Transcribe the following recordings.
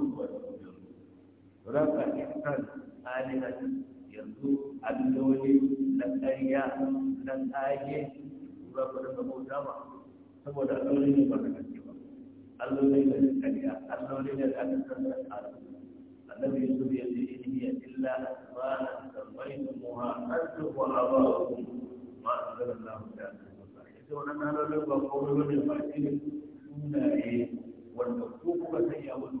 abubuwa da kuma yanzu raka ihsan alihat yanzu alloli na ƙarya na ƙage za ku bauta ma saboda alloli ne ba ta gaske ba alloli ne da ƙarya alloli ne da aka san da ƙarfi annabi yusuf ya ce in hiya illa asmanan sammaytumuha antum wa aba'ukum ma anzalallahu ta'ala da wannan halolin ba kawai wani ba ne sunaye wanda ko kuka sanya wani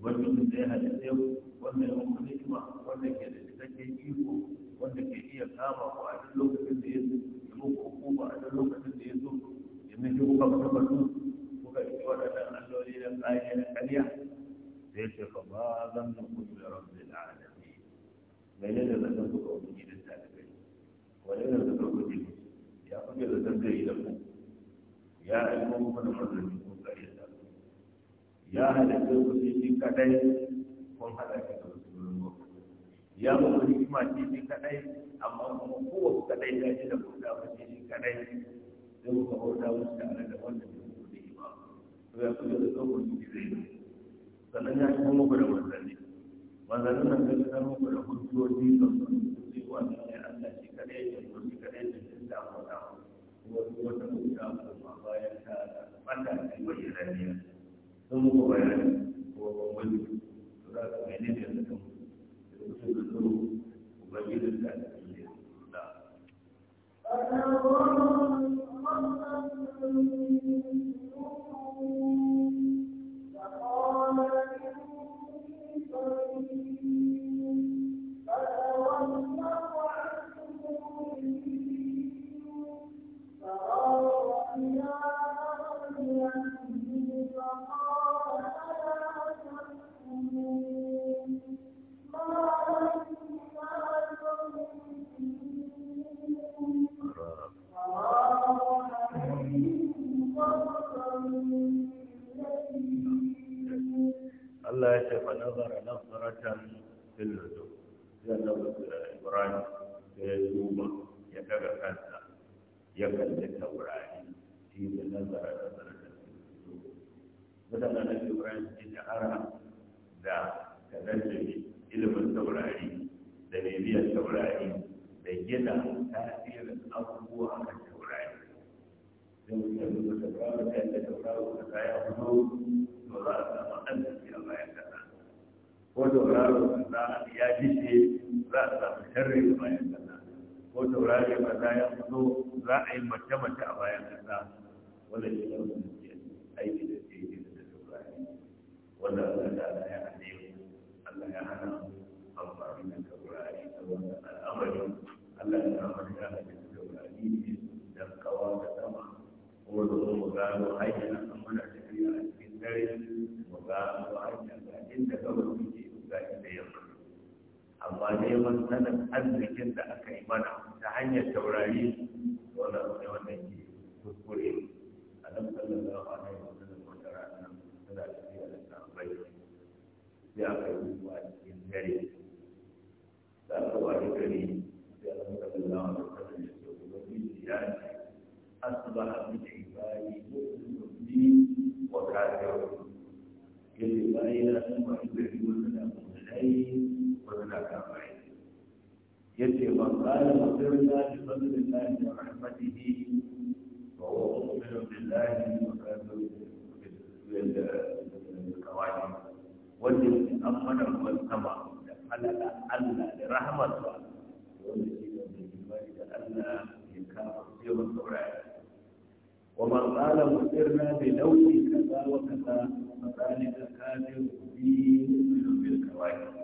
ubangijin da ya halitta yau wanda ya muku ni'ima wanda ke da cikakken iko wanda ke iya kama ku a duk lokacin da ya so ya muku hukuma a duk lokacin da ya so ya nufi kuka kuka batu kuka yi waɗannan alloli na ƙarya na ƙarya sai ce fa ba zan da ku da rabbi da alami mai ne da zaton ku ga wani gidan talibai wani ne da zaton ku ya kuke zaton zai yi da ku ya aiko kuma da mazalmi ya halitta ku shi kadai kun hada da wasu wurin ya muku hikima shi kadai amma kuma kowace kadai ya shi da bauta ba shi kadai sai kuka bauta wasu da wanda ke da ima to ya kuma da tsawon shi zai yi sannan ya kuma muku da manzanni nan zai fitar muku da hujjoji da sun sai wani ne Allah shi kadai ya yi kadai da shi da bauta wasu wata bauta kuma bayan ta da kuma da ne sun muku bayani ko bambanci to za ka mai ne da suka mutu da mutu da ta ubangijin ta da ke da Thank ce fa nazara nazaratan fil nujum sai annabi Ibrahim ya duba ya daga kansa ya kalli taurari shi da nazara nazaratan fil nujum mutanen na Ibrahim da shahara da tadajjudi ilimin taurari da biyan taurari da gina tasirin abubuwa a kan taurari sai mutum ya duba taurari da taurari da kaya hudu to za a samu ko tauraro kaza ya dishe za a samu sharri a bayan kaza ko tauraro kaza ya fito za a yi mace-mace a bayan kaza wanda shi ne wani aiki da ke yi da taurari wanda Allah ta ya hane Allah ya hana amfani da taurari ta wanda al'amari Allah ya amfani da taurari ne don kawo da sama kuma da mu gano hanyar amma na tafiya a cikin dare mu gano hanyar da inda gabas amma neman sanin arzikin da aka yi mana ta hanyar taurari wani abu ne wanda ke kuskure a nan sallallahu alaihi wa sallam wata rana suna tafiya da sahabbai sai aka yi zuwa cikin dare da aka wani gari sai aka sallallahu alaihi wa sallam ya ce ubangiji ya ce asbaha bi ibadi mu'minun bi wa kafirun yace bayan sun ba da wani abu da dai suna kafirai yace man qala nasirna bi fadlillahi wa rahmatihi wa huwa mu'minun billahi wa kafirun bil qawaid wanda yake amana ruwan sama da halala Allah da rahmatsa wanda shi ne mai imani da Allah ya kafa yawan sauraya ومن قال مؤثرنا بلون كذا وكذا فذلك كافر به من بالكواكب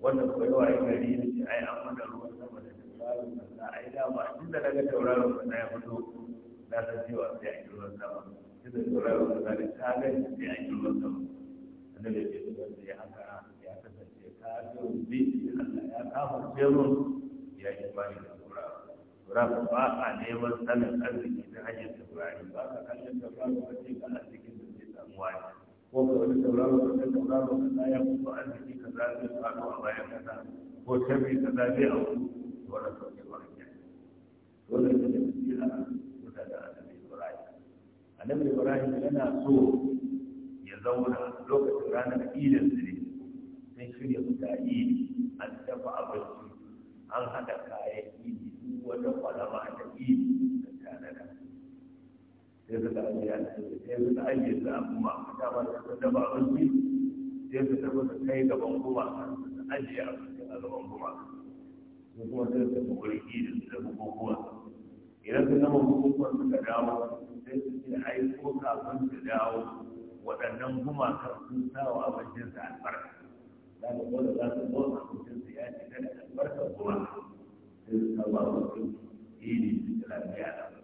wanda yawa ya gari ne ce ai an mana ruwan sama da tauraron nan na ai dama tun da daga tauraron nan na ya fito na san cewa sai an yi ruwan sama tun da tauraron nan na da ta gani sai an yi ruwan sama annabi ya ce su wanda ya haka ya kasance ta zo bi Allah ya kafa jeron ya yi bani da tauraron tauraron ba a neman sanin arziki ta hanyar tauraron ba ka kallon tauraron ba ce ka arzikin da zai samu wani ko ga wani sauraro da kai sauraro da tsaya ko ba arziki ka za zai a bayan kasa ko shafi ka za zai a wani wannan sauke ba ne dole ne da tsira da da annabi ibrahim annabi ibrahim yana so ya zauna lokacin ranar idin su ne sun shirya mutane an dafa abinci an haɗa kayan idi duk wata kwalama ta idi sai da aliyana sai da ayyuka amma ta ba ta da ba wani sai da ta ba kai gaban kuma ajiya a gaban kuma su kuma sai da wuri da bukukuwa idan ka zama bukukuwan suka dawo sai su ce ai ko kafin su dawo waɗannan gumakan sun sa wa abincin sa albarka za ka kuma da za ka zo abincin sa ya cika da albarka kuma sai su sa wa abincin iri da lafiya da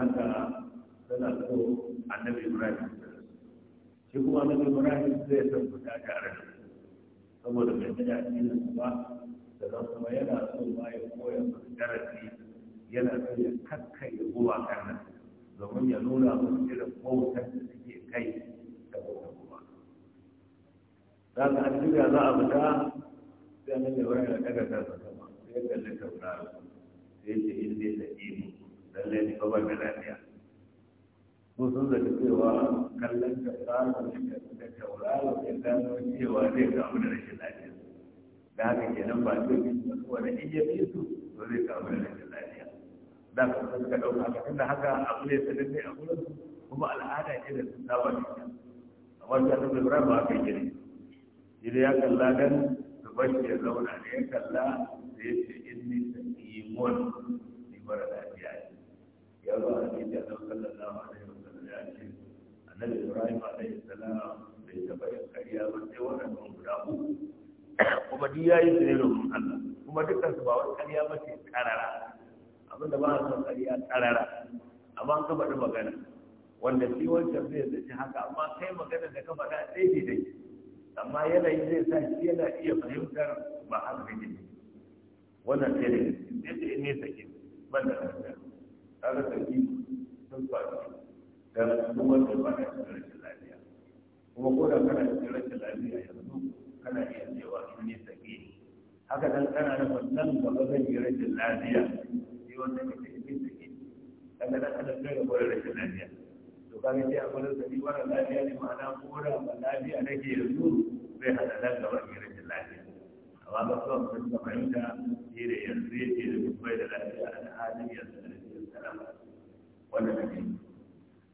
haka tana so annabi ibrahim shi kuma annabi ibrahim zai san fita tare da saboda bai tsaya ne ba sannan kuma yana so ma ya koya masa darasi yana so ya kakkai ya guba kan domin ya nuna musu irin bautar da suke kai da bautar guba za ka an shirya za a fita sai annabi ibrahim ya daga kansa sama sai ya kalli tauraro sai ya ce in dai ta imu lallai ni ba da lafiya ko sun zata cewa kallon ka tsara da tauraro ya gano cewa zai kamu da rashin lafiya da haka kenan ba zai yi su wani iya fi su to zai kamu da rashin lafiya da ka sun ka ɗauka ka tunda haka abu ne sanin ne a gurin kuma al'ada ce da sun saba da ita amma ta nuna ibrahim ba haka yake ne ya kalla dan su bashi ya zauna ne ya kalla sai ya ce inni sakimun ni mara lafiya ne ya zo a cikin da sallallahu alaihi wasallam ya ce annabi ibrahim alaihi salam bai taba yin kariya ba sai ɗan guda uku kuma duk ya yi tsere domin Allah kuma dukkan su ba wani kariya ba ce karara abinda ba a son kariya karara amma an kafa magana wanda shi wancan zai zaci haka amma kai magana da kafa da ɗaya dai amma yanayi zai sa shi yana iya fahimtar ba haka ne wannan sai ne gaske sai da nesa ke ban da gaske kaga tafi sun faɗi dan duk wanda ba ya cikin rashin lafiya kuma ko da kana cikin rashin lafiya yanzu kana iya cewa in ne sake haka dan kana da wannan gaba zan yi rashin lafiya sai wanda kake cikin sake kaga dan kana cikin rashin lafiya to kaga sai a gurin sake wannan lafiya ne ma'ana ko da ba lafiya nake yanzu zai hada nan gaba yi rashin lafiya amma ba kawai sun shi da yanzu yake da bai da lafiya a halin yanzu wannan ne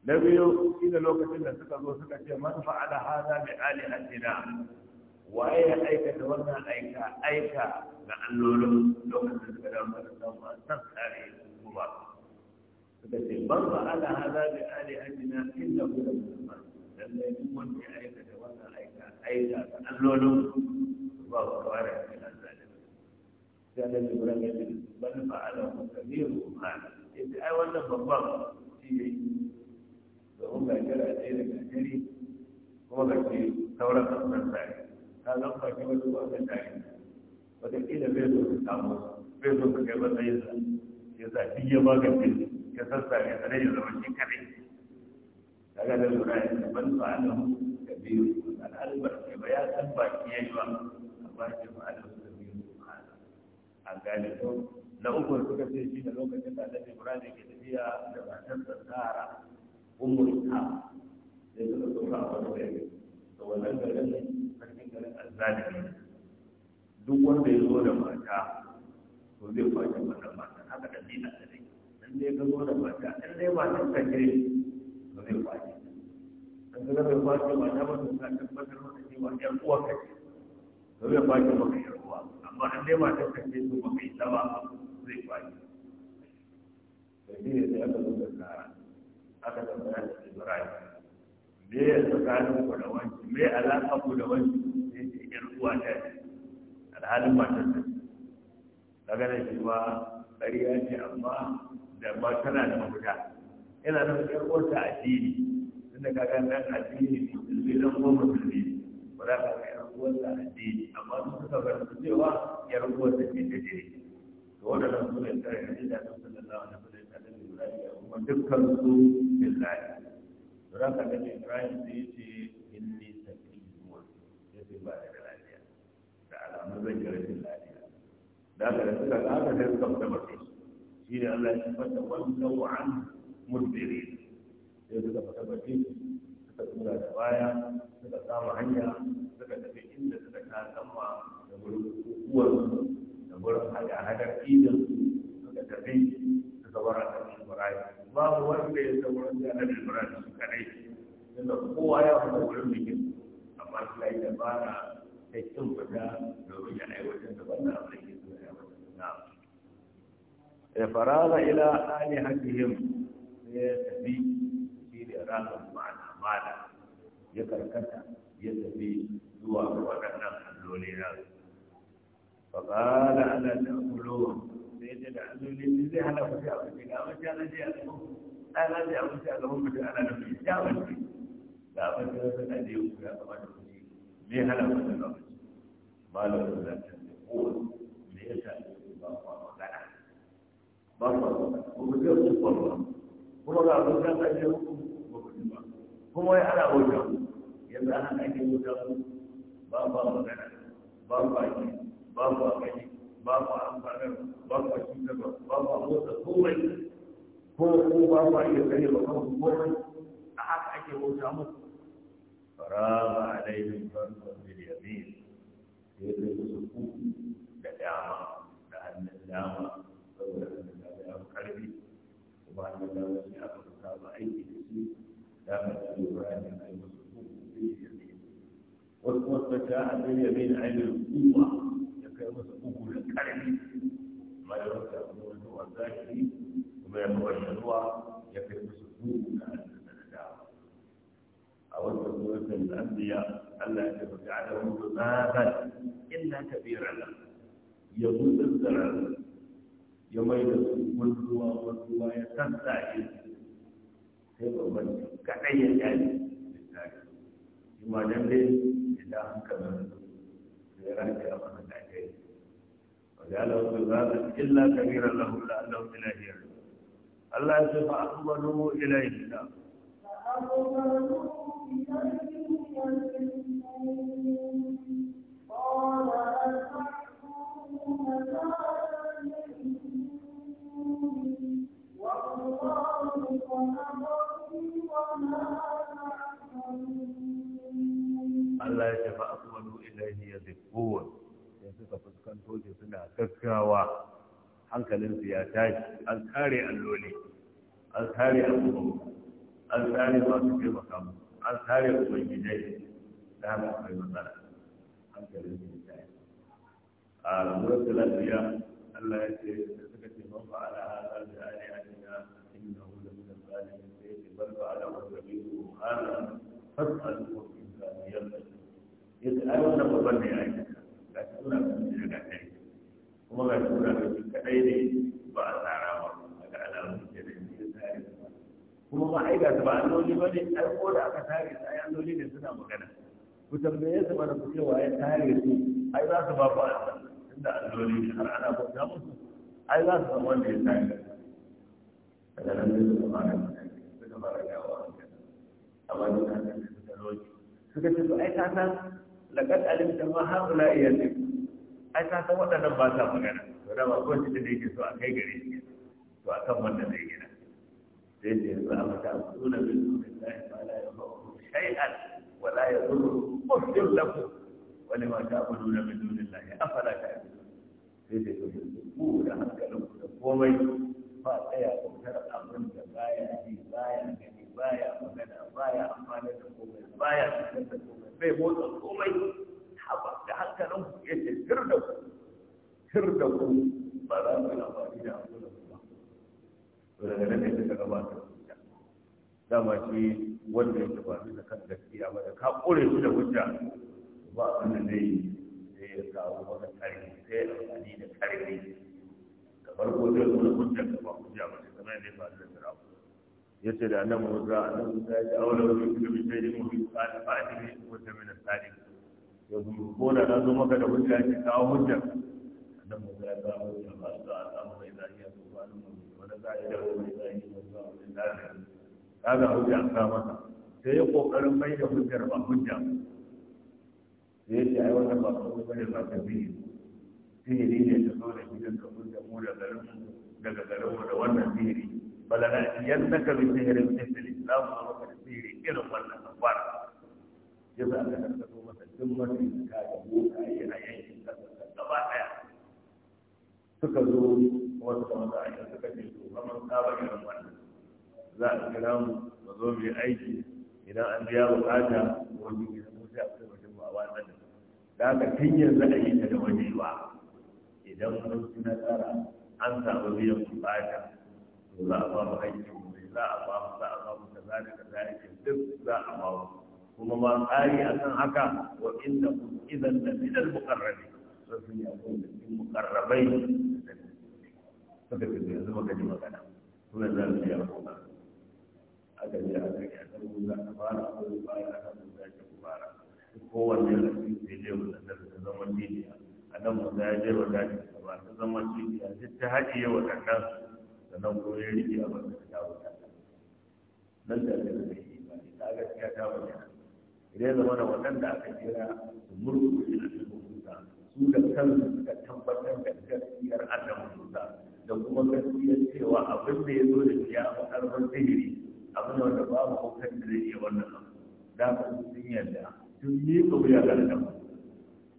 na biyu shine lokacin da suka zo suka ce man fa'ala hada bi alihatina waye ya aikata wannan aika aika ga allolin lokacin da da muka samu a san kare kuma suka ce man fa'ala hada bi alihatina inna hu la musulman dan ne duk wanda ya aikata wannan aika aika ga allolin ba ku kare da zalimi sai da Ibrahim ya ce man fa'ala kabiru hada sai ai wannan babban shi ne domin ga kira ce da gajiri kuma ga ce sauran sauran tare ka zan fashi wasu ba ta tare wataƙila bai zo ka samu bai zo ka kai matsayinsa ya sa shi ya magance ya sassa ya sanar ya zama shi kadai daga da lura ya tabbata ba'alahu da biyu al'albar ke ba ya san baki ya yi ba a ba shi ba'alahu da biyu a gane ko na uku suka ce shi da lokacin da annabi ibrahim ke tafiya da matar da sara ummul ta sai suka ka a da gari da wannan garin cikin garin azzalimi duk wanda ya zo da mata to zai kwace wannan mata haka da dina da dai dan dai ka zo da mata dan dai mata ta ke to zai kwace dan ka zai kwace mata ba ta ba ta ba ta ba ta ba ta zai kwace ba kuwa amma an dai ba ta kace su ba mai ba zai kwaye sai ne sai aka zo da ka aka tambaya da Ibrahim me ya tsakanin ku da wani me alaka ku da wani sai ce yar uwa ta ce alhalin matar ta daga da shi ma ƙarya ce amma da ba tana da mafita yana da yar uwarta addini tunda kaga nan addini musulmi dan goma musulmi ba za ka kai uwarsa addini amma su suka bar su cewa yar uwarsa ce ta jini to wannan su ne tsare ne da sun sallallahu alaihi wasallam da Annabi Ibrahim kuma dukkan su billahi to ran ka da Ibrahim sai yace inni sakimun yace ba da lafiya da alamun zan ga rashin lafiya da ka da suka ga aka sai suka fita barci shi ne Allah ya tabbata wannan wa'an mudbirin sai suka fita barci suka tura da baya suka kama hanya suka tafi inda suka ta sama da wurin kukuwar da wurin hada-hadar idin suka tafi suka bar annabi ibrahim babu wanda ya san wurin da annabi ibrahim su kadai tunda kowa ya fita wurin bikin amma suna yi dabara ta kin fita domin ya aiwatar da wannan abin da ke so ya aiwatar da ya farara ila alihatihim sai ya tafi shi ne ranar ma'ana ma'ana ya karkata ya tafi zuwa ga waɗannan alloli na ba ba da ana kulo da ce da alloli ne zai hana ku a wajen ga wajen ana je a gaban ana je a wajen a gaban ana da mai shawarci ga wajen wasu na je ku ya gaba da kuci zai hana ku a wajen malamin da ta ce kowace oh, me yasa ba ku magana ba ku magana ba ku je ku kwalwa kuma ga abin da ta ce kuma ya ana wajen yanzu ana ake wajen babu magana babu aiki babu akali babu amfanar babu cutarwa babu motsa komai ko ko babu iya sani ba babu komai a haka ake bauta musu faraba alaihim farban bil yamin sai da su ku da dama da hannun dama saboda hannun dama ya fi karfi kuma hannun dama sai aka fi saba aiki da shi da aka ci yau wani kuma suka ce a sai ya bai da ainihin kuwa ya kai masa uku da ƙarfi amma ya rasa kuma zuwa zaki kuma ya mawa ruwa ya kai masa uku da ƙarfi da dama a wata suratul anbiya Allah ya ce ba ta da mutu zaban illa kabiran ya zuwa zarar ya mai da su wani ruwa wani ruwa ya sassa shi sai babban kaɗai ya gani kuma dan dai idan an kamar da ranka a mana kai wanda Allah ku zaba illa kabira lahu la Allah ilahi Allah ya ce fa akbalu ilayhi fa akbalu ilayhi قال أتعلمون Allah ya tafi asmanu ilaihi ya zikkuwa sai suka fuskanto shi suna gaggawa su ya tashi an kare alloli an kare abubuwa an kare masu taimaka mu an kare ubangijai da haka akwai matsala hankalin su ya tashi a ramuwar lafiya Allah ya ce da suka ce man fa'ala hadha bi alihatina innahu lamin zalimin sai ya ce bal fa'ala wa rabbuhu hada fas'alu ya ga ai babban ne yi ga suna daga kai kuma ga suna ne ba a tsara ba daga alamun da ne kuma ba ai ga ba alloli ba ne da aka su ai alloli ne suna magana ku tambaye su mana ku cewa ya tare su ai za su ba ku tunda alloli ne har ana musu ai za su wanda ya daga nan zama da amma duk suka ce su ai ta san laƙar alimta ma haɗula iya ne ai ta san waɗannan ba sa magana to da ba kowace da yake so a kai gare shi to a kan wannan zai gina sai ce yanzu a mata suna bin sunan lahi ba la ya ma'u shay'an wa la ya zuru ufdin lafu wani ma ta abu nuna min dunin lahi afala ta yi sai ce to yanzu ku da ku da komai ba tsaya bautar abin da baya ji baya gani baya magana baya amfani da komai baya fitar da komai bai motsa komai haba da hankalin ku ya ce sir da ku sir da ku ba za mu yi amfani da abu da kuma to daga nan ne ta hujja dama shi wanda ya tafi da kan gaskiya ba da ka kore su da hujja ba abin da zai zai ya kawo maka karfi sai amfani da karfi kamar ko zai zo da hujja ba hujja ba sai kamar yadda ya faru da sirafu yace da annabi na zo maka da hujja kawo hujja ya a samu mai zaniya ko ba mu wala za ya da mai a da kaga da hujjar ko ba ne ta zo da gidan ka hujja mu da daga garin mu da wannan sihiri balanatiyannaka bi sihrin mithli la maka da sihiri irin wannan kafara yasa aka karkato masa duk masu ka da bokaye a yankin kasar gaba daya suka zo wata kamata a suka ce to kamar saba irin wannan za a kira mu mu zo mu yi aiki idan an biya bukata wani gina mu sai a kai mutum ba wannan da ka tun yanzu a ta da wajewa idan mun ci tsara an samu biyan bukata za a ba mu aikin gobe za a ba mu za a ba mu kaza da kaza aikin duk za a ba mu kuma ma tsari a kan haka wa inda kun idan da minal muqarrabi sai sun yi akwai da cikin muqarrabai da suka ce yanzu muka ji magana suna za su yi akwai aka ji aka yi aka yi za a fara akwai fara aka yi za a fara kowanne da cikin sai dai wanda da ta zama jijiya a nan mu za a je wa ba ta zama jijiya duk ta haɗiye waɗannan sannan ko ya rike a da ta wuta nan da ta zai yi ba ne ta gaskiya ta bayyana idan zama da waɗanda aka kira su murku shi na su wuta su da kansu suka tabbatar da gaskiyar annabi Musa da kuma gaskiyar cewa abin da ya zo da shi a makarfar sihiri abin da babu hukumar da zai iya wannan abu da ka sun yadda tun yi ka wuya ga annabi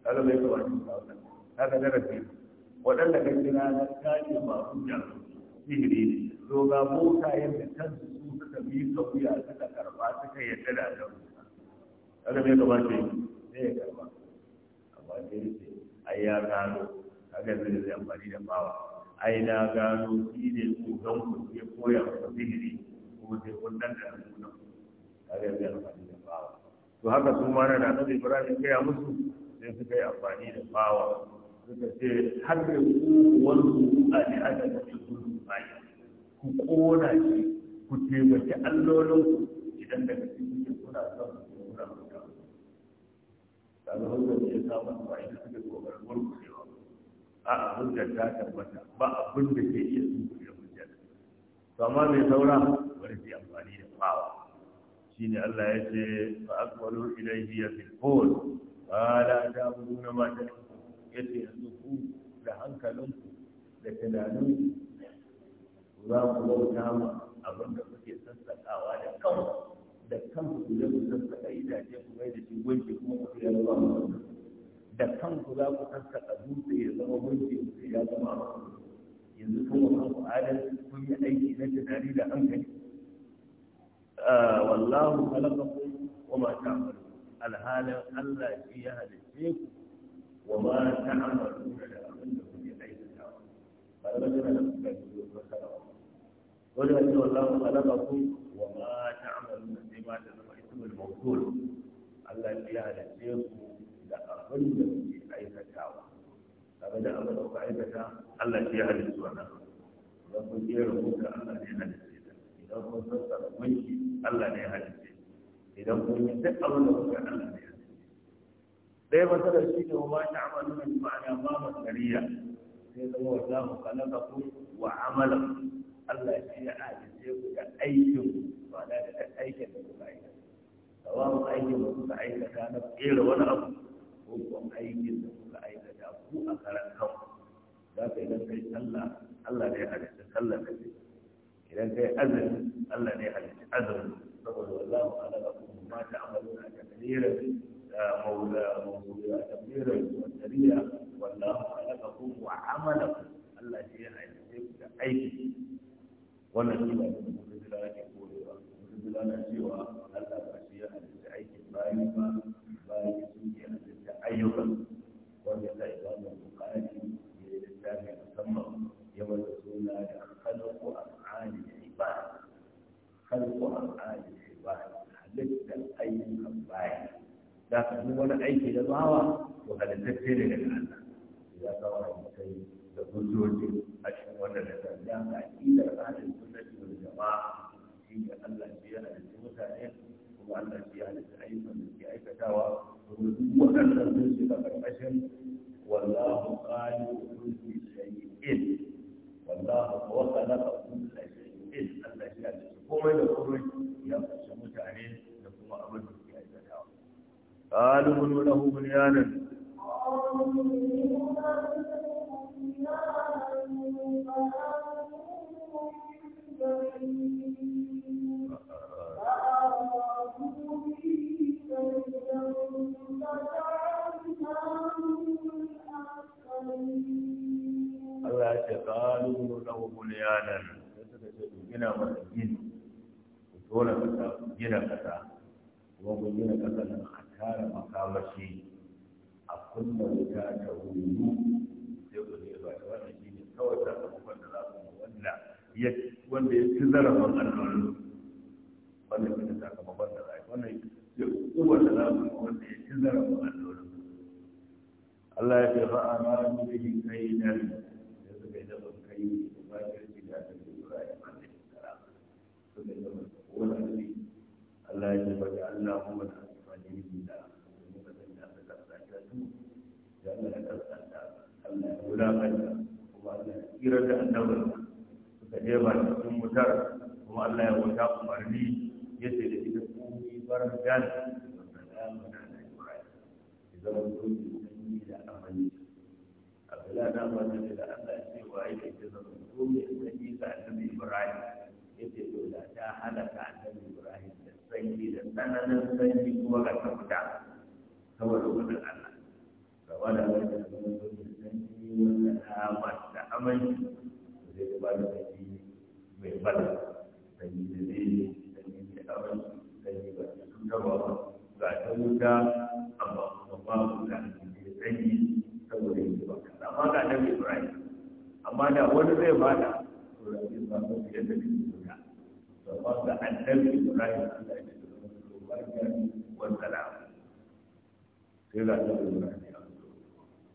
kaga bai kawai ta wannan kaga darasi waɗanda ka kira na kaji ba hujja sihiri ne to ga bokayen da kansu su suka bi su wuya suka karba suka yadda da adam kaga me gaba ce ne ya karba amma sai ce ai ya gano kaga zai zai amfani da bawa ai na gano shi ne tsoron ku ya koya masa sihiri ko sai kun dan da nuna kaga zai amfani da bawa to haka su ma na da annabi Ibrahim kai musu sai suka yi amfani da bawa suka ce har da ku wani a ne aka tafi bayi ku kona shi ku taimaki ku idan daga cikin kuna son kuna kuta kaga hujjar ce ya samu ba ita suke kokarin murkushewa a a hujjar ta tabbata ba abin da ke iya sun kuɗe hujjar to amma mai saura bari su amfani da fawa shine Allah ya ce fa aqbalu ilayhi yafqul qala ta'buduna ma ta'budun yadda yanzu ku da hankalinku da tunaninku za ku bauta ma abin da kuke sassaƙawa da kanku da kanku ku zai ku sassaƙa itace ku mai da shi gunki kuma ku ya zuwa da kanku za ku sassaƙa dutse ya zama gunki ku ya zama yanzu kun wa kanku adalci kun yi aiki na tunani da hankali ah, wallahu khalaqakum wa ma ta'malun alhalin Allah shi ya halice ku wa ma ta'malun da abin da kuke aikatawa ba da magana da kuka yi wani ya ce wallahu khalaqakum wa ma ta'maluna sai ma da zama ismul mawsul Allah ya halice ku da abin da kuke aikatawa kaga da abin da kuka aikata Allah ya halice wannan idan kun kera kuka Allah ne halice ta idan kun san sassara gunki Allah ne halice idan kun yi duk abin da kuka Allah ne halice ɗaya masalar shi ne wa ma ta'maluna bi ma'ana ma masariya sai zama wallahu khalaqakum wa amalakum Allah shi ya ajiye ku da aikin ba da da aikin da kuka aikata sawan aikin da kuka aikata na kera wani abu ko kuma aikin da kuka aikata ku a karan kanku za ka idan kai sallah Allah ne ya halitta sallah ka ce idan kai azumi Allah ne ya halitta azumi saboda wallahu ala lakum ma ta'maluna takdiran مولى مولى كبيرا وسريعا والله خلقكم وعملكم الله شيء عليكم أيدي wannan shi ba da mutuzila ake korewa mutuzila na cewa allah ba shi ya halitta aikin bayi ba bayi sun ke halitta ayyukan wanda ta ibadan bukari ya yi littafi musamman ya wata suna da halko al'ani da ibada halko al'ani da ba. halitta ayyukan bayi da ka duk wani aiki da bawa to halittacce ne daga allah ya kawo mutai da hujjoji a cikin wannan littafi da ga aqidar ahlus sunnati wal jama'a shine Allah shi ya halitta mutane kuma Allah shi ya halitta ayyukan da suke aikatawa kuma duk waɗannan sun shiga karkashin wallahu khaliqu kulli shay'in wallahu huwa khalaqa kulli shay'in Allah shi ya halitta komai da komai ya kashe mutane da kuma abin da suke aikatawa qalu lahu bunyanan masa gini ku tona kasa ku gina kasa kuma ku gina kasa nan a tara makamashi a kunna wuta ta wuru sai ku ne ba ta wannan shi ne kawai sakamakon da za ku wanda ya wanda ya ci zarafin allolin wannan shi ne sakamakon da za ku wannan sai ukuwar da za ku wanda ya ci zarafin allolin Allah ya ce fa'amanu bihi kaidan da suka yi da kai suka yi zaman ta kowane alfi Allah ya ce ba da Allah kuma da amfani ne da amfani ba zan da aka kasanta su da Allah ya kasanta Allah ya wulakanta kuma Allah ya tsira da annabar suka je ba da sun mutar kuma Allah ya wuta umarni ya ce da ita komi farar jan da salamu da Allah Ibrahim ya zama dokin sanyi da amani a bila na ba da Allah ya ce wa ya ce zama dokin sanyi da annabi Ibrahim yake to da ta halaka annabi Ibrahim da sanyi da tsananin sanyi kuma ga ta fita saboda gudun Allah ga wanda ba ta zama gudun sanyi wanda ta mata aminci da zai ba da sanyi mai bala sanyi da zai sanyi mai aminci sanyi ba ta cutarwa ba ga ta wuta amma kuma ku da sanyi saboda yake ba amma ga annabi Ibrahim amma da wani zai bada to da zai ba da yadda وقال عن نبي إبراهيم والسلام سيدنا إبراهيم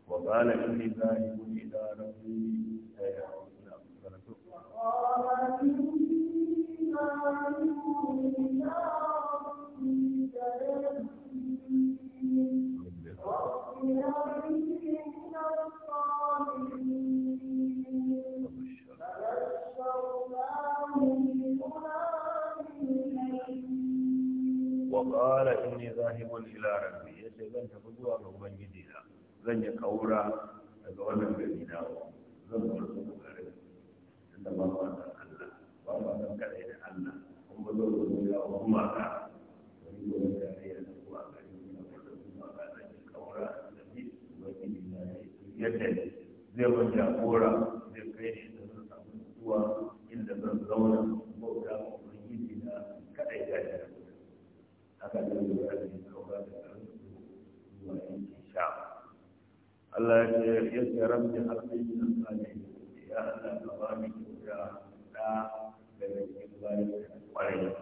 وقال إني ذاهب إلى ربي سيهدين وقال إني ذاهب إلى ربي سيهدين ƙwaƙwara in ne zahimun ilararri ya ce zan tafi zuwa ga ubangiji na zan yi ƙaura daga wannan gari na zan zuwa su ƙarfi inda ba ma san allah ba ma san kaɗai da allah kuma ba zan zuwa ga da yi wani gari ya zuwa ga gari na zan yi ƙaura da bi ubangiji na yadda zai ban jagora zai kai ne da zan zuwa inda zan zauna bauta ko Allah ya karamni al-ayyin al-salih ya Allah barik ya da dengan baik baik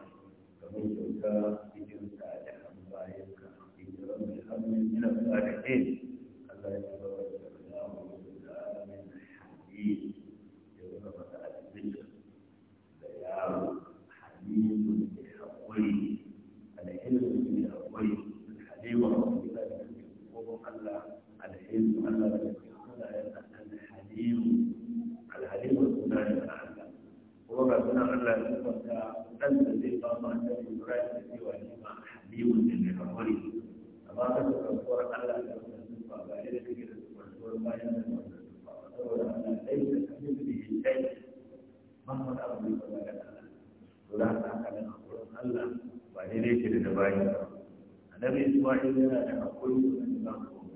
kami juga ingin saja baik kami dalam hidup ini Allah ya annabi isma'il yana da hakuri wannan da za ku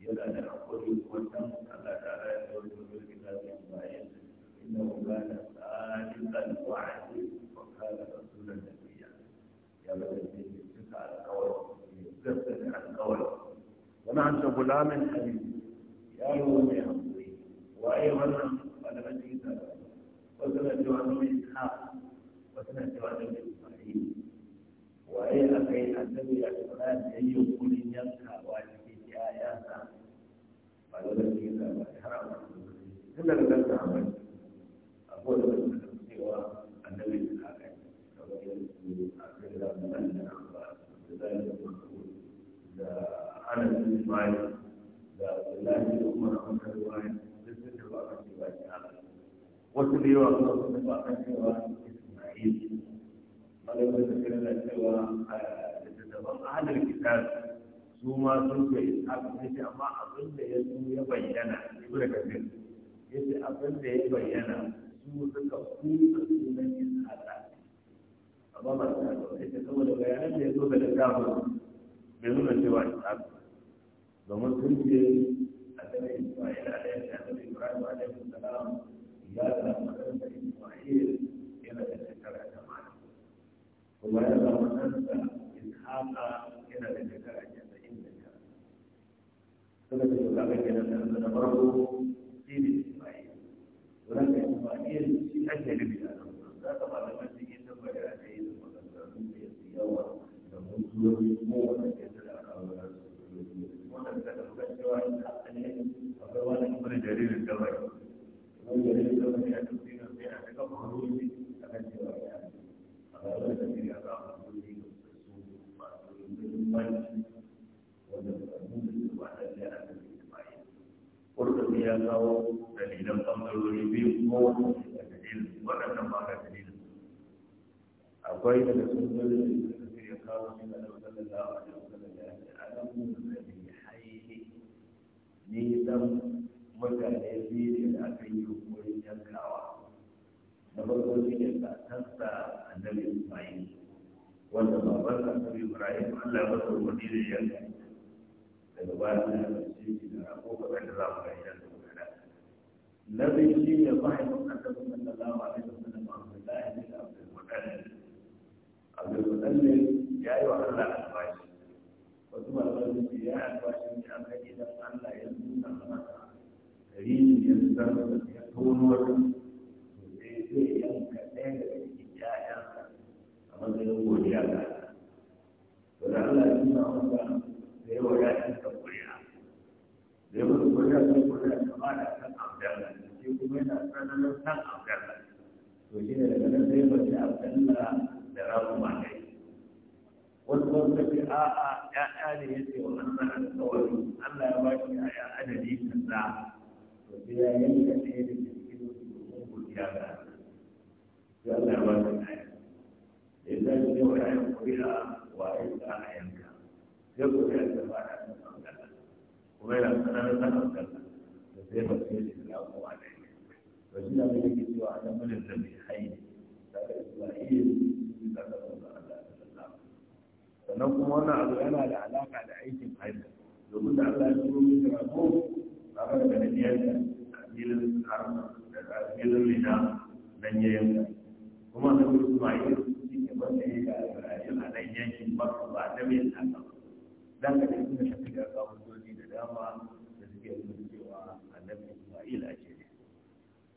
yana da hakuri wannan Allah ta ala ya wani mulki da zai bayan inna kana sadiqan wa adil wa kana rasulan nabiyya ya bada shi cika alƙawari ya gaskata alƙawari wani an ta gulamin hadisi yaro mai hakuri waye wannan sai a kai annabi ya tsara da yi kurin yankawa ya sa ba da wani ke ba har a wani tun daga kan sahabai a kowane wani da cewa annabi ya tsara kamar yanzu a kan zamanin da ba da zai da da anas ismail da abdullahi da umar amsar wani duk sun da ba a ce ba wasu da yawa kuma sun da ba a cewa lokacin da kana cewa eh, littattafan ahalar kitab su ma sun ga ishaq yace amma abin da ya su ya bayyana ibnu kafir yace abin da ya bayyana su suka kuka sunan ishaq amma ba ta ce yace saboda bayanan da ya zo da littafin bai nuna cewa ishaq domin sun ce a tsaye isma'il alaihi salam ibrahim alaihi salam ya samu da isma'il kuma ya zama ɗansa ishaqa yana da shekara casa'in da tara suka ce ka ga kenan ɗansa na farko shi ne isma'il wurin ka isma'il shi ake a nan za ka ba nan cikin tabbata a kai da maganganu da yawa da mutuwoyi ko wanda ke da al'amuran su wannan ka tabbata cewa ina asalin akwai wani kuma jaririn dabari wani jaririn dabari a duk ya kawo dalilan ɓangarori biyu ko wani dalilin waɗannan ba da dalilin akwai daga sun zai da ya kawo shi da sallallahu alaihi wasallam ya ce alamu da bi haihi ni dan mutane biyu da aka yi wurin yankawa na farko shi ne kakansa annabi Ismail wanda baban annabi Ibrahim Allah ya masa umarni da yanka daga baya da shi da ko kaɗan da za mu ga الذي شيء صاحب النبي صلى الله عليه وسلم عبد الله من عبد المطلب عبد المطلب يا ايها الله الفاشي وثم الذي يا الفاشي من امرك اذا ان لا يزول الخلق كريم يزداد يكون وجهه zai yanka ɗaya daga cikin ƴaƴansa abdalla kuma yana tsananin san abdalla to shi ne daga nan sai da kai a'a ya Allah ya ya yanka da ba da ya wa wa a yanka sai ya da kuma yana san da ya ce الله عليه وجينا من يجوا أنا من domin da Allah ya turo mai ba da a filin harma da a rina nan ya yanka kuma na kuma yi ke wanda ya a nan yankin ba ba na mai da suna shafi da kawo da dama da suke cewa annabi isma'il a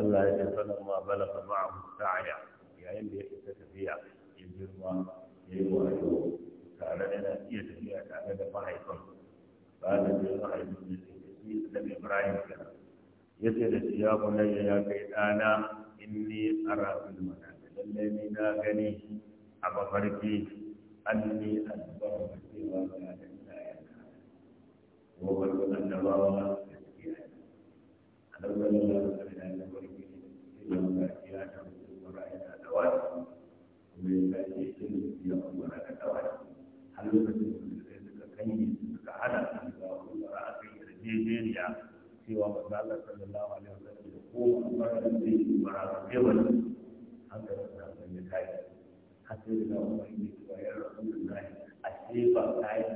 الله يجعل ما بلغ معه سعيا يا اللي يتكفيا يجرم يجرم تعالى لنا يتكفيا تعالى لنا فحيصن بعد ذلك حيث يجب النبي إبراهيم كان يسير الشياب لي يا كيدانا إني أرى في المنام لليني ناقني أبا فركي أني أكبر في واقعات الآيات وقلت أن الله يتكفيا الله kawai mai su kai zai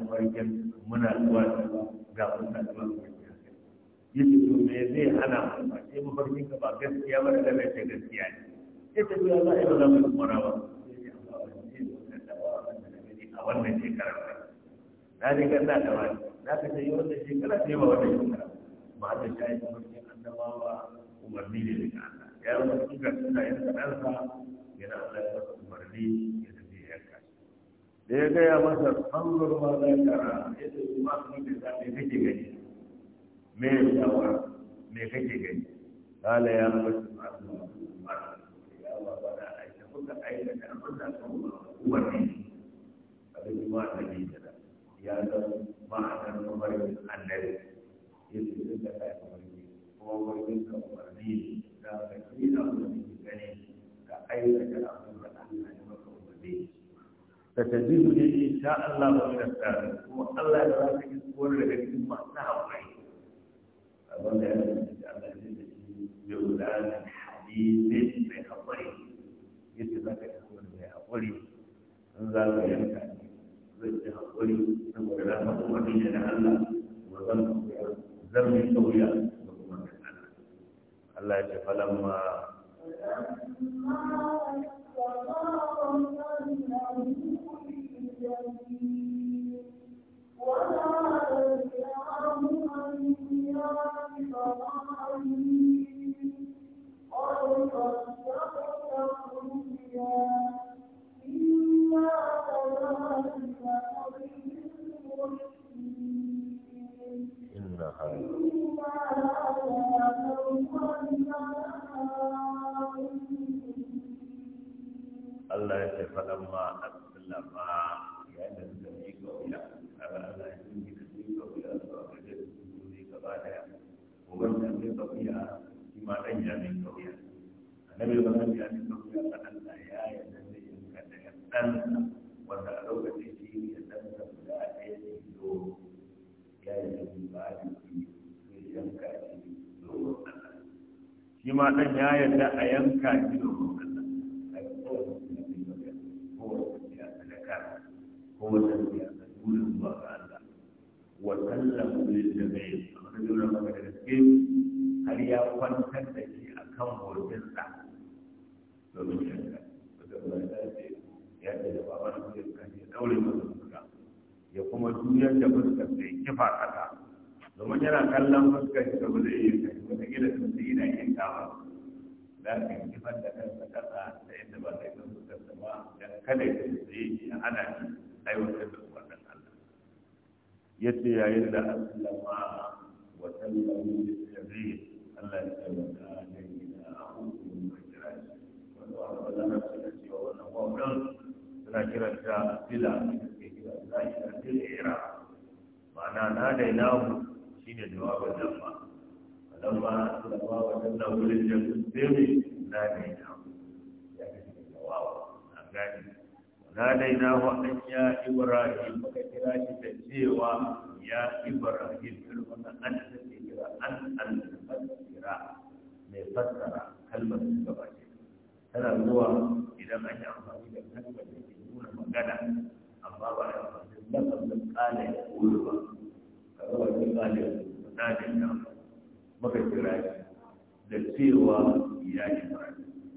wani hana mu ba gaskiya ba da gaskiya ne sai ta biya za a yi ba za ba a wannan shekarar na je kan na gaba na ka sai wannan shekara sai ba wannan shekara ba ta shayi da mutum ba, umarni ne daga Allah ya yi wasu ga suna yin sanarsa yana Allah ya masa umarni ya tafi ya yanka da ya gaya masa ɓangar ma za kara ya ce su ma su ne kake gani me ya shawara me kake gani kala ya masu masu suka aikata abin da aka wani abin da wata ne da ya zan ma'anar kamar annabi ya ce sun ka kai kamar ne kuma wajen ka umarni da ka yi da wani gani ka aikata abin da Allah ya maka umarni ka tajibu ne insha Allah wa min as-sabirin kuma Allah ya zaka yi wani daga cikin masu haƙuri abin da ya zama Allah ya zai da shi yau da hadisi mai haƙuri yadda za ka isa wani mai haƙuri in za ka yanka zai ji haƙuri saboda za ka kuma ni na Allah kuma zan kauya zan yi ga kuma Allah Allah ya ce falamma وَلَا Allah ya ce faɗan ma a tsallama yayin da suka yi ga a ga Allah ya yi da su su a su ne gaba ko wanda ya shi ma ɗan ya ne ya ne ɗansa wanda a lokacin shi ne ɗansa guda ɗaya tilo ya yi tafi ba a jiki zai yanka shi domin Allah shi ma ɗan ya yarda a yanka shi domin Allah a kowace suna zai kowace suna sadaka kowace suna sadaka zuwa ga Allah wa sallamu lil jami'i amma da jumla maka da gaske har ya kwantar da shi akan hotonsa domin ɗaure masa fuska ya kuma juyar da fuskar da ya kifa kasa domin yana kallon fuskar da ba zai iya kai wata gida da zai yana yin kama za ka yi kifar da kansa kasa da yadda ba zai kan fuskar da ba dan kada ya tsaye ya hana shi aiwatar da umarnin Allah ya ce yayin da aslama wa sallamu da shari'a Allah ya tsawata da gida a hukumar kira shi wanda wa Allah ya tsawata cewa wannan wa'udan suna kiranta sila da suke kira suna kiranta ira ma'ana na daina mu shine jawabin nan ba nan ba suna ba wajen na wurin jan zai na daina mu ya fi shi jawawa na gani na daina mu an ya ibrahim muka kira shi da cewa ya ibrahim irin an da suke kira an al-fassira mai fassara kalmar gaba ce tana zuwa idan an yi amfani da kalmar magana amma ba a amfani da lafazin kala ya koyo ba kaga wajen kala ya koyo na da ya maka kira da cewa ya yi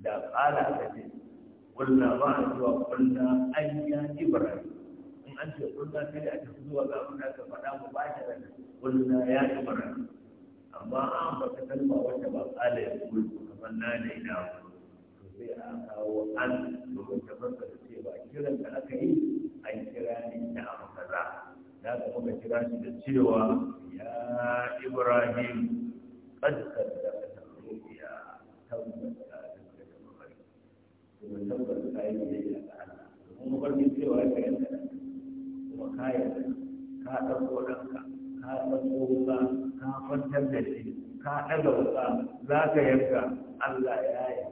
da kala ka ce kulla ba a zuwa kulla an ya yi ibrahim in an ce kulla sai da ake zuwa ga abin da aka faɗa mu ba shi da kulla ya yi ibrahim amma an ba ta kalma wacce ba kala ya koyo kamar na da ya dawo sai a kawo an domin tabbatar da cewa kiran da aka yi an kira ne da abu kaza da ka kuma kira shi da cewa ya ibrahim da qad saddaqta ru'ya tabbata da kamar kuma tabbata kai ne da Allah kuma barkin cewa ka yanka kuma kayan ka dauko danka ka dauko ka kwantar da shi ka ɗaga wuka za ka yanka Allah ya yi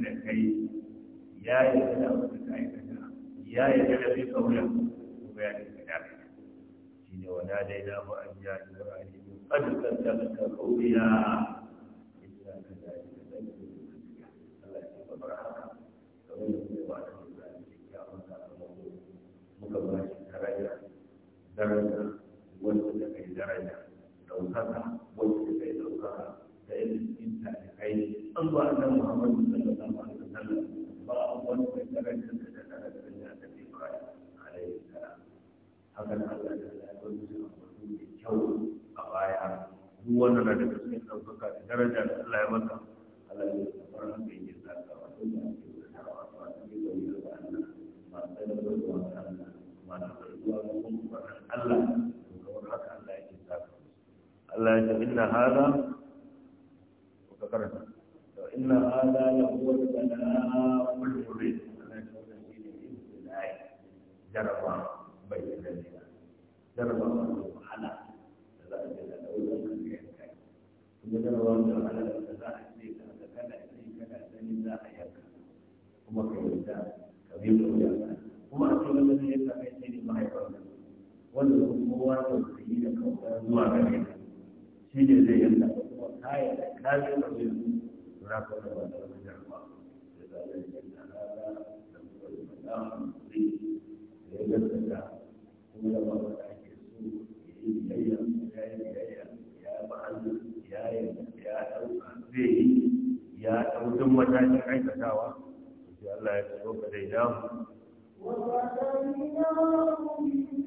da kai ya yi da wata ka aikata ya yi da zai kauna ko ya yi da shi ne wa dai na mu an ja Ibrahim qad saddaqta qawliya illa ka da Allah ya ba baraka kawai da wa da ya ba da muka ba shi daraja daraja wanda da kai daraja ɗaukaka wacce ta kai ɗaukaka da yadda cikin ta ta kai an ba a nan muhammadu sallallahu alaihi sallam ba a wani mai karanta da ta karanta da ta fi ba a alaihi salam hakan allah ta ya ɗauki su a wani mai kyau a baya duk wannan na daga cikin ɗaukaka da daraja da allah ya allah ya haka yake zaka wa duk da ake ba a cikin gwamnati da allah ba a tsaye da ta da ba da da allah Allah ya ce inna hada ka karanta inna hada la huwa al-bala'ul mubin Allah ya ce shine ibtilai jaraba bayyana ne jaraba wahala da za a ga da wurin kai kuma jaraba da wahala da za a ce ka kana sai kana sani za a yanka kuma ka yi ta ka bi ka kuma a cikin wanda zai yanka kai ne mahaifar wanda kuma kowa da yi da kawo zuwa gare ka shi ne zai yanka kuma kaya da kare da zai zura da wani wajen ba da zai yanka na da kuma da na zai da ya gaskata zai da ba da ake so ya yi biyayya ya yi biyayya ya ba Allah ya yi ya ɗauka zai yi ya ɗaukin matakin aikatawa sai Allah ya tsoro ka dai damu وَقَدْ نَرَى مِنْ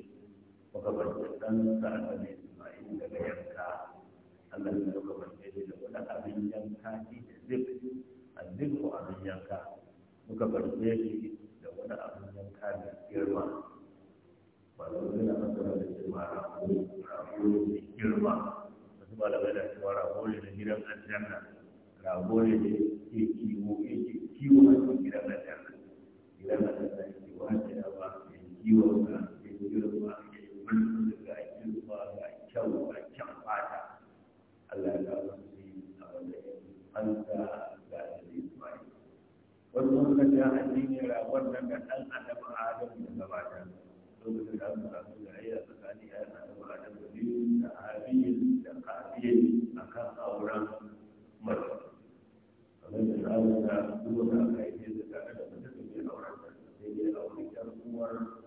makabarci ɗan sa annabi Isma'il daga yanka Allah ya makabarce shi da wani abin yanka shi da zib azzibu abin yanka makabarce shi da wani abin yanka da girma walau suna masana da cewa rago rago da girma wasu malamai da cewa rago ne gidan aljanna rago ne da ke kiwo yake kiwo a cikin gidan aljanna gidan aljanna ke ba kiwo ka da ga kiwa ga kyau ga kyan fata Allah ya kawo su a wanda an ga ga da Ismail wasu suka ce addini ragon wannan da ɗan adam Adam da gabata lokacin da aka samu jayayya tsakanin ya adam Adam da biyu da Habil da a kan auren mace kamar da rawu da duwa da aka yi da tare da mutum da ke auren sai dai auren ƴar uwar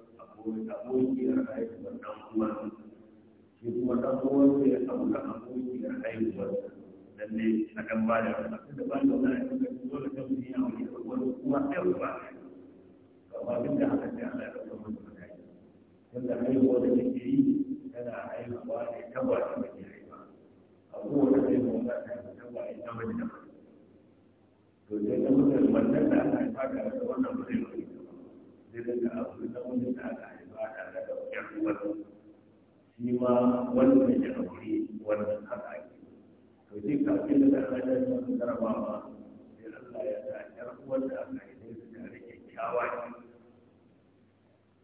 abokiyar aiki uwarsa shi kuma ɗan uwarsa ya da abokiyar haihuwarsa lalle a kan ba da wata da ba da wani aiki da dole ta mutum ya wani karɓar kuma ɗaya ba amma duk da haka sai ana ɗaukar da mataki tunda kuma da take yi ta ba ta mace a haihuwa ta haihu ta ba ta mace da mace to da ta da aka haifa da ba zai wani zai daga abu da da da shi ma wannan ya aure wannan haka ake to shi kafin da ɗan adam ya fi jarabawa sai Allah ya sa 'yar uwar da aka haife su tare kyakkyawa ne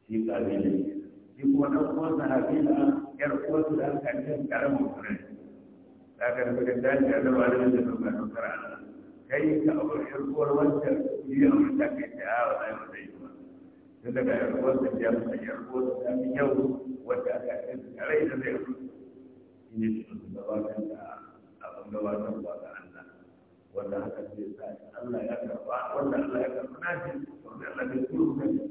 shi kafin da shi kuma ɗan uwar sa hafila ƴar uwar su da aka haife su ƙaramin kuren za ka da kudin daji a zama da wanda sun gano kara kai ka aure ƴar uwar wancan shi ya aure ta kai ta yawa zai tun daga yarwarsa biyar da yarwarsa ta fi yau wadda aka yi tare da zai rufu shi ne su gabatar da abin gabatar ba ga Allah wanda haka zai sa Allah ya karba wanda Allah ya karba na shi wanda Allah bai kuru na shi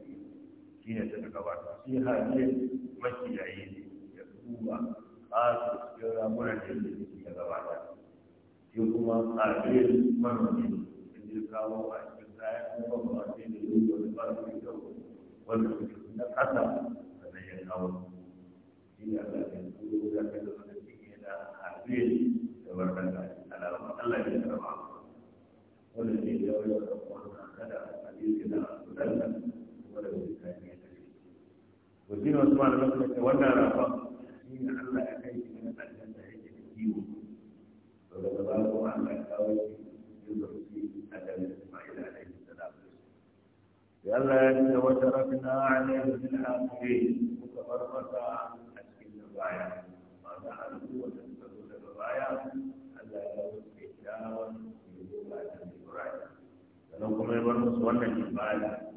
shi ne suka gabatar shi hajiyar makiyayi ne ya duba ƙasu cikin ramunan da yake shi ya gabata shi kuma ƙarfiyar manomi ne in ji kawo a cikin kayan kuma ba a cikin da yake wani ba su kyau wanda suke na ƙasa sannan ya shi ne Allah ya kuro da ka da wani ciki yana harbe da wannan gashi alamun Allah ya karba wanda ne ya yi wa wannan kada hadisi na sunan wanda wani kayan ya tafi wajen wasu malamai suka ce wannan rafa shi ne Allah ya kai shi na ɗan da yake da kiwo to daga baya kuma Allah ya kawo shi yin zafi a يلا أنت وتركنا عليه في الآخرين وكفرت أسكن الغاية ما دخل قوة تدخل الغاية ألا يلوث إحداهم في لغة إبراهيم فلو كما يبرمس ولا جبالا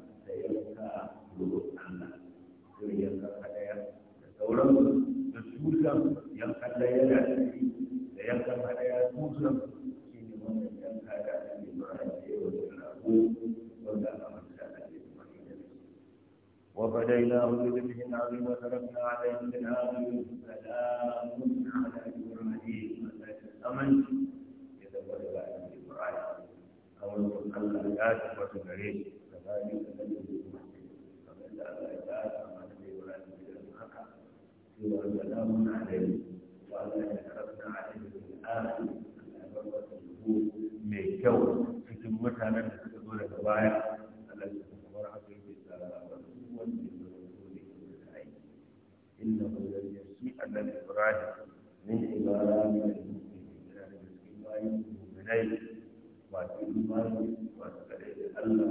lokacin da Allah ya ta asa ma da bai wura da gidan haka sai wa da lamun alai wa Allah ya karanta alai da alai Allah ya ba su rubu mai kyau cikin mutanen da suka zo daga baya Allah ya ta kamar haka yake tsara wa duk wanda ya zo da yake da aiki inna hu la yasi annal ibrahim min ibrahim al-mu'minin da cikin bayin mu'minai wato imani wato kare da Allah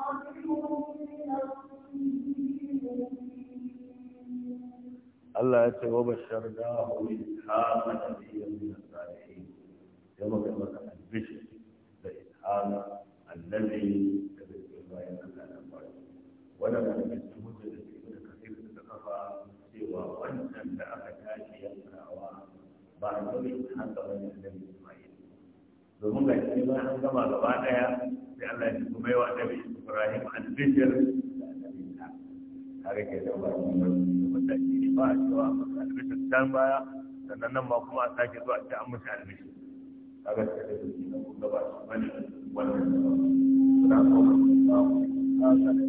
الله يتوبشر له وإنحاق نبيا من الصالحين يوم كما البشر بإسحاق النبي كبير الله ينقى نبيا ولم يجد مجد كبير كثير الثقافة سوى وانسا لأفتاك يمنع وعن نبي حتى من النبي إسماعيل ومن الله يتوبى حتى ما لبعدها لأن يتوبى وعنبي إبراهيم عن بشر لأنه من الله هذا كذا وعنبي ba a cewa a masu can baya sannan nan ma kuma a sake zuwa ce an musu admission kaga ta da suke na kuma ba su bane wannan suna kuma ba a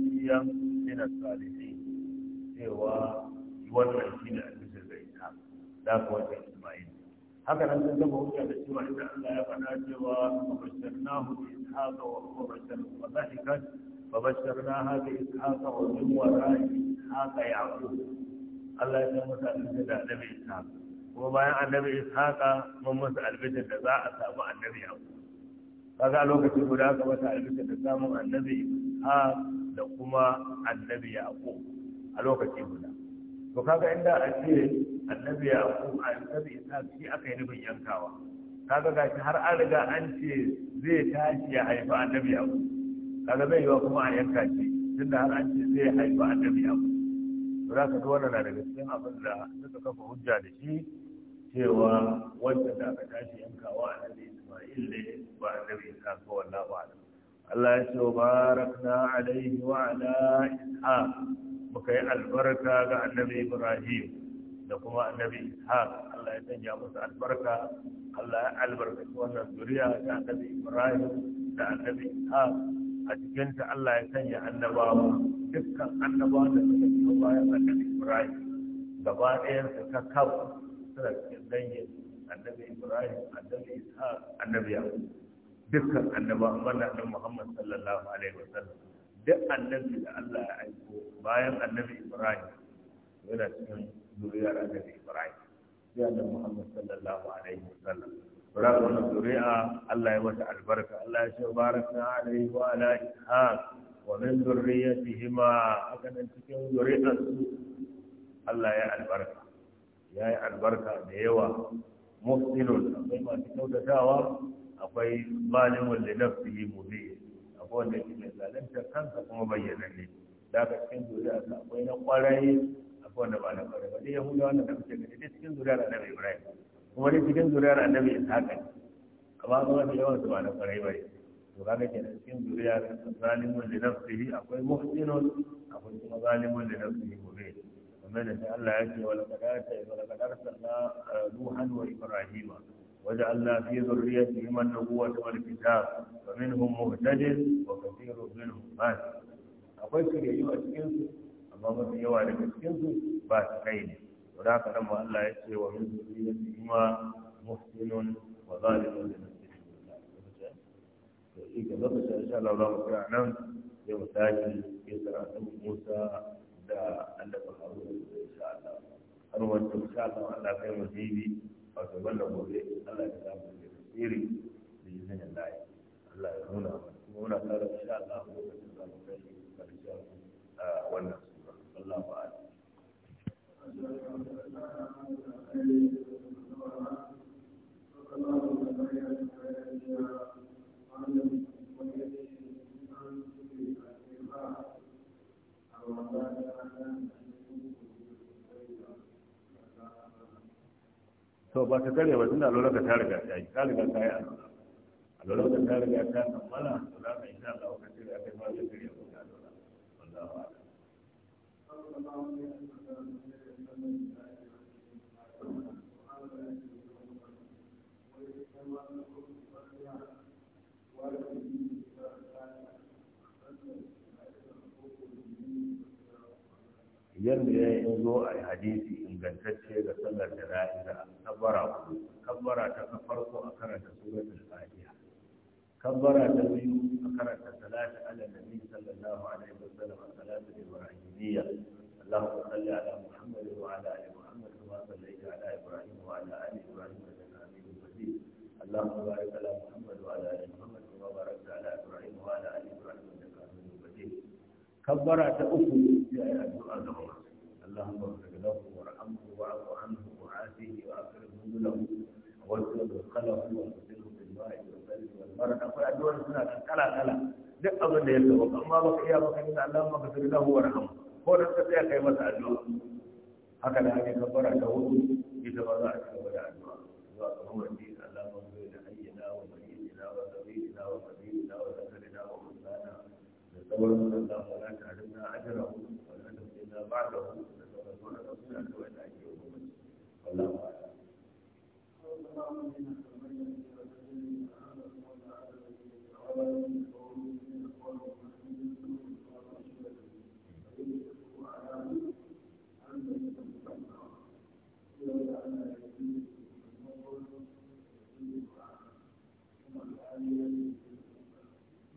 yana salihi cewa wannan shi ne admission zai ta da ka wata ismail haka nan sun zama hujja da cewa idan Allah ya faɗa cewa mabashirnahu bi ishaqa wa mabashirnahu wa dhahikat فبشرناها بإسحاق ومن وراء إسحاق يعقوب Allah ya san musu albidin da annabi isa. kuma bayan annabi ka mun musu albidin da za a samu annabi Yaqub kaga lokaci guda ka masa albidin da samun annabi Ishaq da kuma annabi Yaqub a lokaci guda to kaga inda a ce annabi a annabi isa shi aka yi nufin yankawa kaga gashi har an riga an ce zai tashi ya haifa annabi Yaqub kaga bai wa kuma a yanka shi tunda har an ce zai haifa annabi Yaqub za ka wannan na daga cikin abin da suka kafa hujja da shi cewa wancan da aka tashi yankawa a nabi isma'il ne ba nabi isa ko wallahu alam Allah ya ce barakna alaihi wa ala ishaq muka yi albarka ga annabi ibrahim da kuma annabi ishaq Allah ya sanya musu albarka Allah ya albarkaci wannan zuriya da annabi ibrahim da annabi ishaq a cikinta Allah ya sanya annabawa dukkan annabawa da suka biyo bayan annabi ibrahim gaba ɗayan su ta kawo suna cikin dangin annabi ibrahim annabi isa annabi yaqub dukkan annabawa manna annabi muhammad sallallahu alaihi wa sallam duk annabi da Allah ya aiko bayan annabi ibrahim yana cikin zuriyar annabi ibrahim sai annabi muhammad sallallahu alaihi wasallam Rabu na zuri'a Allah ya wata albarka, Allah ya ce baraka alaihi wa ala ishaq wa min dhurriyyatihima haka nan cikin zuriyar su Allah ya albarka ya yi albarka da yawa muhsinun akwai masu kyautatawa akwai zalimun li nafsihi mubin akwai wanda yake mai zalunta kansa kuma bayyananne da ka cikin zuriya sa akwai na kwarai akwai wanda ba na kwarai ba dai yahuda wannan da kuke gani cikin zuriyar annabi ibrahim kuma dai cikin zuriyar annabi ishaqa amma ga wanda yawan su ba na kwarai ba to kaga kenan cikin zuriya zalimun da nafsihi akwai muhsinun akwai kuma zalimun li nafsihi mubin kamar da Allah ya ce wa laqad atayna laqad arsalna eh, nuhan wa ibrahima وجعلنا في ذريتهم النبوة والكتاب فمنهم مهتد وكثير منهم فاسق akwai shiryayyu a cikinsu amma mafi yawa daga cikinsu ba su kai ne da nan ma Allah ya ce wa min zuriyati ima muhsinun wa zalimun to shi ke lokacin Allah za mu tsaya nan sai mu tashi kisa annabi Musa da annabi Haruna insha Allah har wanda insha Allah Allah kai mu jibi wato wanda gobe Allah ya samu da tasiri da izinin layi, Allah ya nuna kuma muna tsara insha Allah lokacin da mu kai karshen wannan sura Allah ba'ala Thank you. to ba ta kare ba tunda lura ka ta riga ta yi ta riga ta yi a lura ka ta riga ta kammala to za ka insha Allah ka ce kai ba ta kare ba ta lura wallahi yadda ya yi zo a hadisi ingantacce ga sallar da jana'iza kabbara ku kabbara ta farko a karanta suratul fatiha kabbara ta biyu a karanta salati ala nabi sallallahu alaihi wasallam salatu ibrahimiyya salli ala اللهم صل ala ali وعلى wa salli ala صليت على ابراهيم وعلى ال ابراهيم انك حميد مجيد اللهم بارك على محمد وعلى ال محمد كما باركت على ابراهيم وعلى ال ابراهيم انك حميد مجيد كبرت اخو يا الدعاء اللهم اغفر له وارحمه واعف عنه وعافه واغفر الذنوب له واغفر له خلقه وانزله بالماء والبرد والمرض اقول ادوار السنه كلا كلا دق اظن يتوقع ما بقى يا بقى اللهم اغفر له وارحمه هو نفس الشيء كيف تعدوا هكذا هذه كبر عدوه اذا ما ضاعت كبر عدوه اللهم اغفر له حينا ومعيدنا وزويدنا وقديمنا وذكرنا ومنانا نتولى من الله ولا تعلمنا اجره ولا تهدينا بعده والله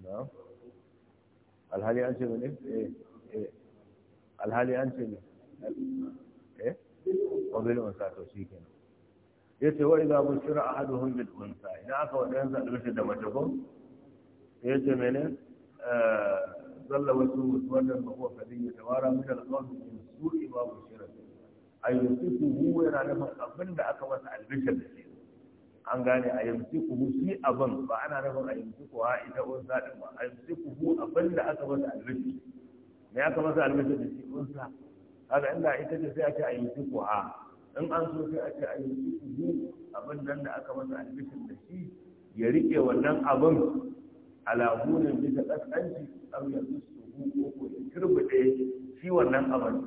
نعم الهالي أنت إيه؟ إيه؟ هل إيه؟ أنت من wa bil unsa to shi ya yace wa idza bushira ahaduhum bil unsa idan aka wadan sa albashi da mace ko yace mene zalla wasu wannan ba ko kadin ya tawara min al qawl min su'i ma bushira ayyusiku huwa yana nufin abin da aka masa albishir da shi an gane a yanzu yamsikuhu shi abin ba ana nufin a yanzu ku ha ita unsa din ba a yamsikuhu abin da aka masa albishi me aka masa albishi da shi unsa kaga inda ita ce sai a ce a yi tiku a in an so sai a ce a yi tiku abin nan da aka masa albishin da shi ya rike wannan abin alamunin bisa kaskanci abu ya zuci ko ko ya turbuɗe shi wannan abin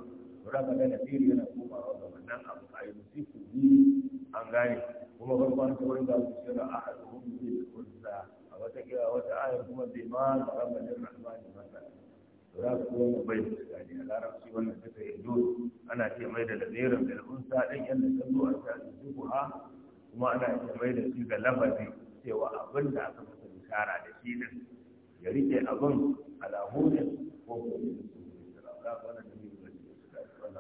ra ka gane fili yana komawa ga wannan abu a yi musiku ni an gane kuma farkon ta wani zaɓi shira a haɗu hudu zai da kunsa a wata kira wata ayar kuma zai ma ga ramanin rahmanin masa. za su koma bai da tsakani a larabci wannan suka yi dole ana ce mai da lamirin da unsa ɗin yadda ta zo a sa'adun kuma ana ce mai da shi ga lafazi cewa abin da aka masa bishara da shi din ya rike abin a ko ko ne su ne da rawa wannan da ne da su ka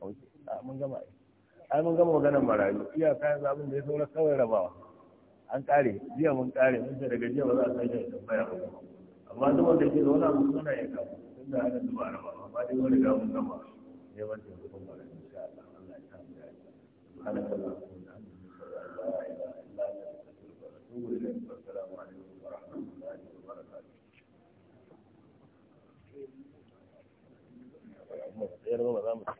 wa mun gama ai mun gama maganar marayu iyaka yanzu abin da ya saura kawai rabawa an kare jiya mun kare mun sai daga jiya ba za a sake tambaya ba amma duk wanda ke zauna wani suna ya kafa tun da hannun zuwa raba amma dai wani ga mun gama neman taimakon ba da insha Allah Allah ya samu dace subhanallahi walhamdulillahi la ilaha illa anta wa atubu ilayk assalamu alaikum wa rahmatullahi wa barakatuh